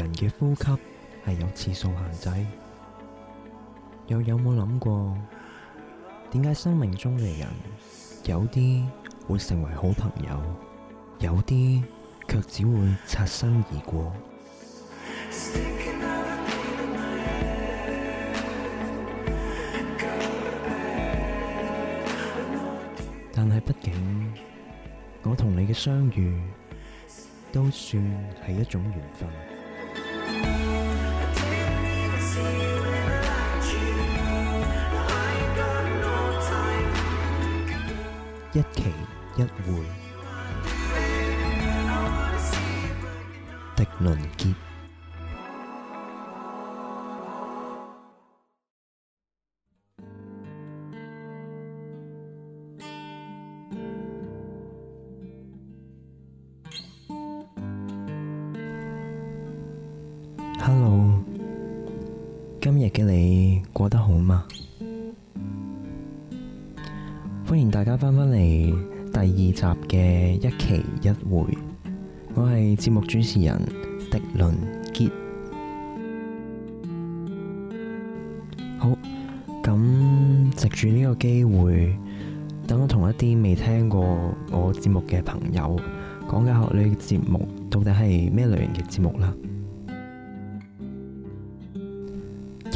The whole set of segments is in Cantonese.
人嘅呼吸係有次數限制，又有冇諗過點解生命中嘅人有啲會成為好朋友，有啲卻只會擦身而過？ 但係畢竟，我同你嘅相遇都算係一種緣分。hello，今日嘅你過得好嗎？歡迎大家翻返嚟第二集嘅一期一會，我係節目主持人狄倫杰。好，咁藉住呢個機會，等我同一啲未聽過我節目嘅朋友的學，講解下你嘅節目到底係咩類型嘅節目啦。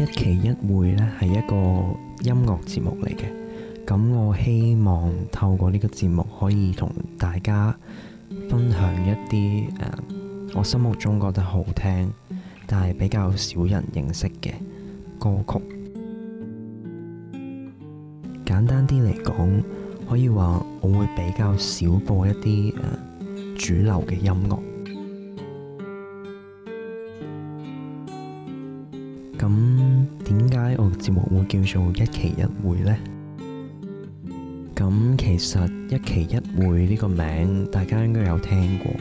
一期一會呢係一個音樂節目嚟嘅，咁我希望透過呢個節目可以同大家分享一啲、嗯、我心目中覺得好聽但係比較少人認識嘅歌曲。簡單啲嚟講，可以話我會比較少播一啲、嗯、主流嘅音樂。節目會叫做一期一會呢？咁其實一期一會呢個名大家應該有聽過，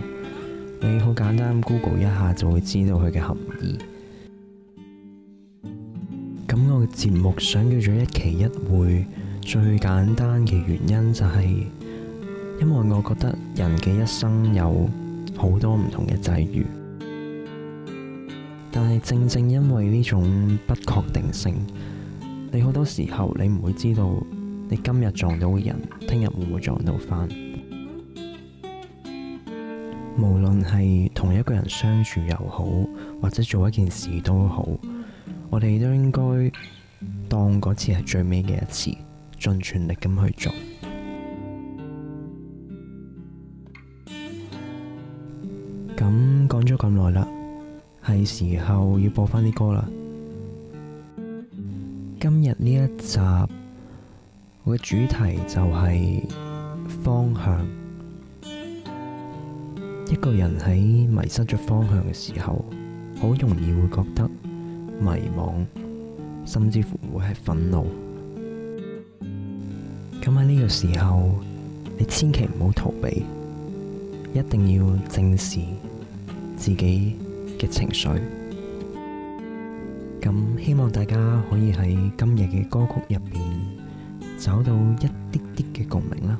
你好簡單 Google 一下就會知道佢嘅含義。咁我嘅節目想叫做一期一會，最簡單嘅原因就係，因為我覺得人嘅一生有好多唔同嘅際遇，但係正正因為呢種不確定性。你好多時候，你唔會知道，你今日撞到嘅人，聽日會唔會撞到翻？無論係同一個人相處又好，或者做一件事都好，我哋都應該當嗰次係最尾嘅一次，盡全力咁去做。咁講咗咁耐啦，係時候要播翻啲歌啦。今日呢一集，我嘅主題就係方向。一個人喺迷失咗方向嘅時候，好容易會覺得迷茫，甚至乎會係憤怒。咁喺呢個時候，你千祈唔好逃避，一定要正視自己嘅情緒。咁希望大家可以喺今日嘅歌曲入面找到一啲啲嘅共鳴啦。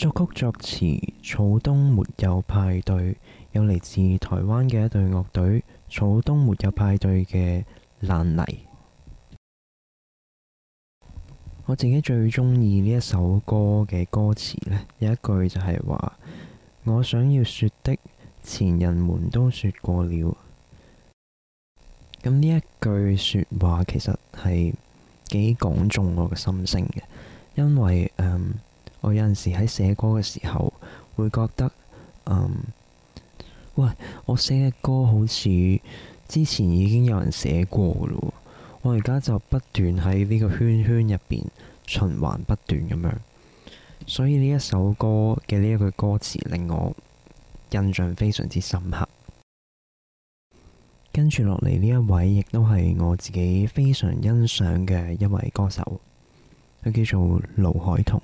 作曲作詞草東沒有派對，有嚟自台灣嘅一隊樂隊草東沒有派對嘅爛泥。我自己最中意呢一首歌嘅歌詞呢，有一句就係話，我想要說的前人們都說過了。咁呢一句説話其實係幾講中我嘅心聲嘅，因為誒。嗯我有陣時喺寫歌嘅時候，會覺得，嗯，喂，我寫嘅歌好似之前已經有人寫過㗎喎，我而家就不斷喺呢個圈圈入邊循環不斷咁樣，所以呢一首歌嘅呢一句歌詞令我印象非常之深刻。跟住落嚟呢一位亦都係我自己非常欣賞嘅一位歌手，佢叫做盧海彤。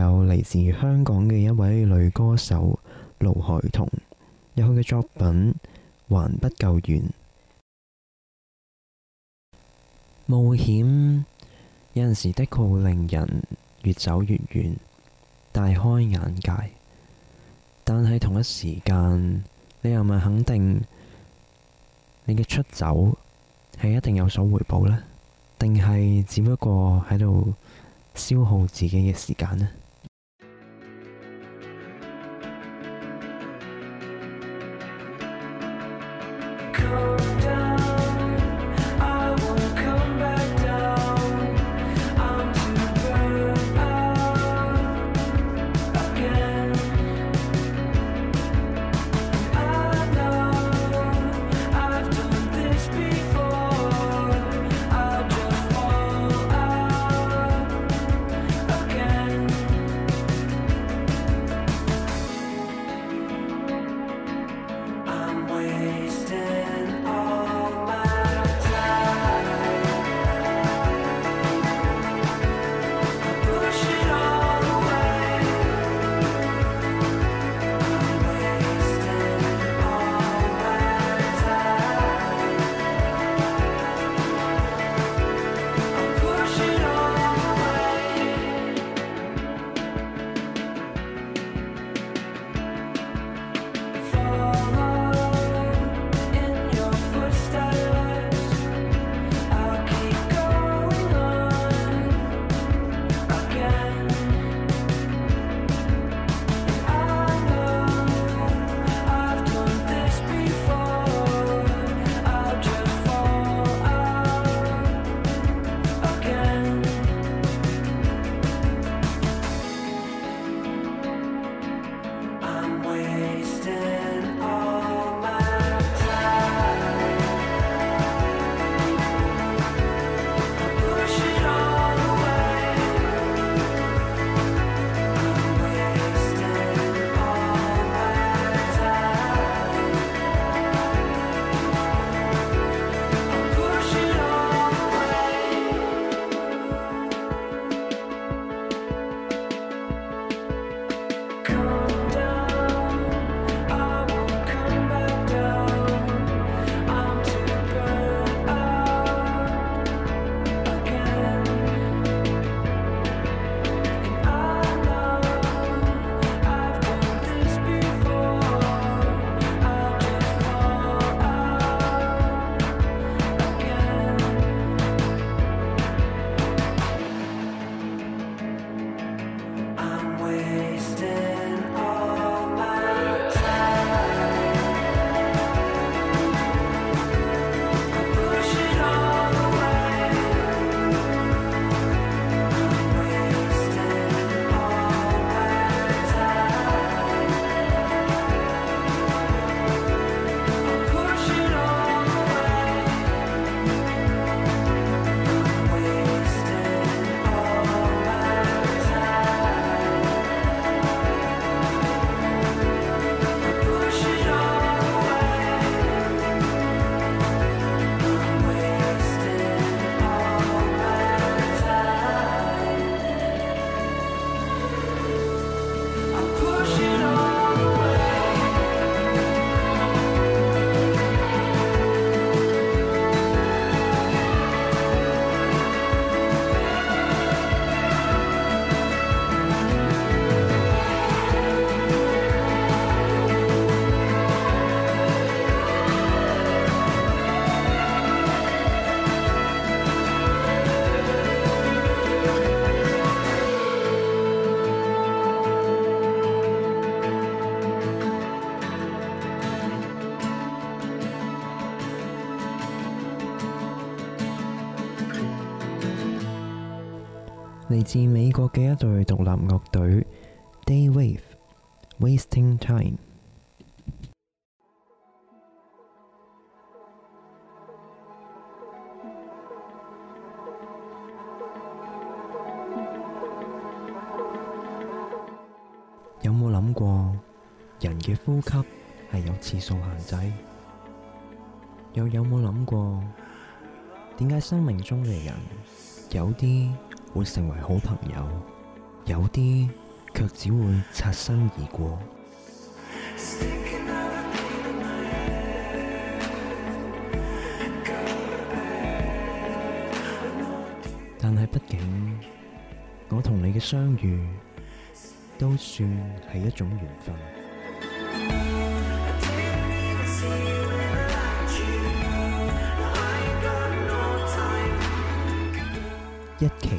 有嚟自香港嘅一位女歌手盧海彤，有佢嘅作品還不夠遠冒險。有陣時的確會令人越走越遠，大開眼界。但係同一時間，你又係咪肯定你嘅出走係一定有所回報咧？定係只不過喺度消耗自己嘅時間咧？嚟自美國嘅一隊獨立樂隊 Day Wave，Wasting Time， 有冇諗過人嘅呼吸係有次數限制？又有冇諗過點解生命中嘅人有啲？會成為好朋友，有啲卻只會擦身而過。但係，畢竟我同你嘅相遇都算係一種緣分。一期。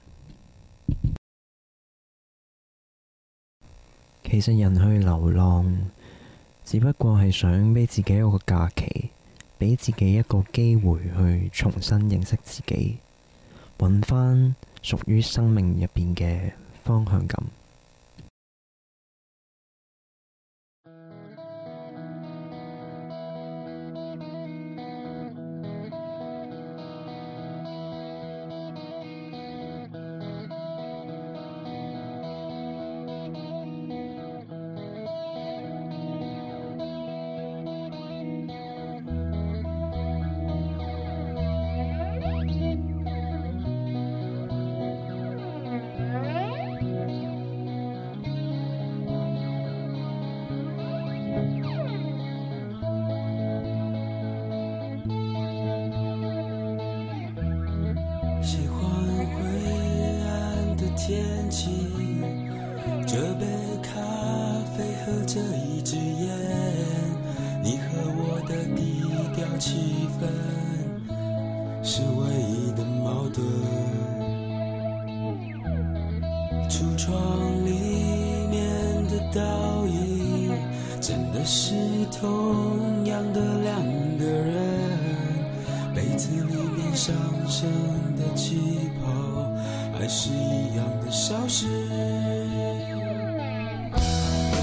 其實人去流浪，只不過係想畀自己一個假期，畀自己一個機會去重新認識自己，搵返屬於生命入邊嘅方向感。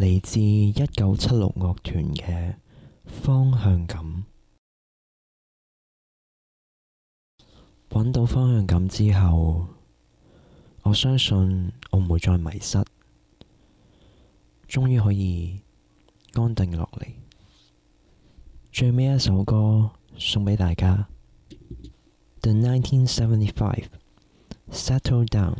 嚟自一九七六樂團嘅方向感，揾到方向感之後，我相信我唔會再迷失，終於可以安定落嚟。最尾一首歌送畀大家，《The Nineteen Seventy-Five Settle Down》。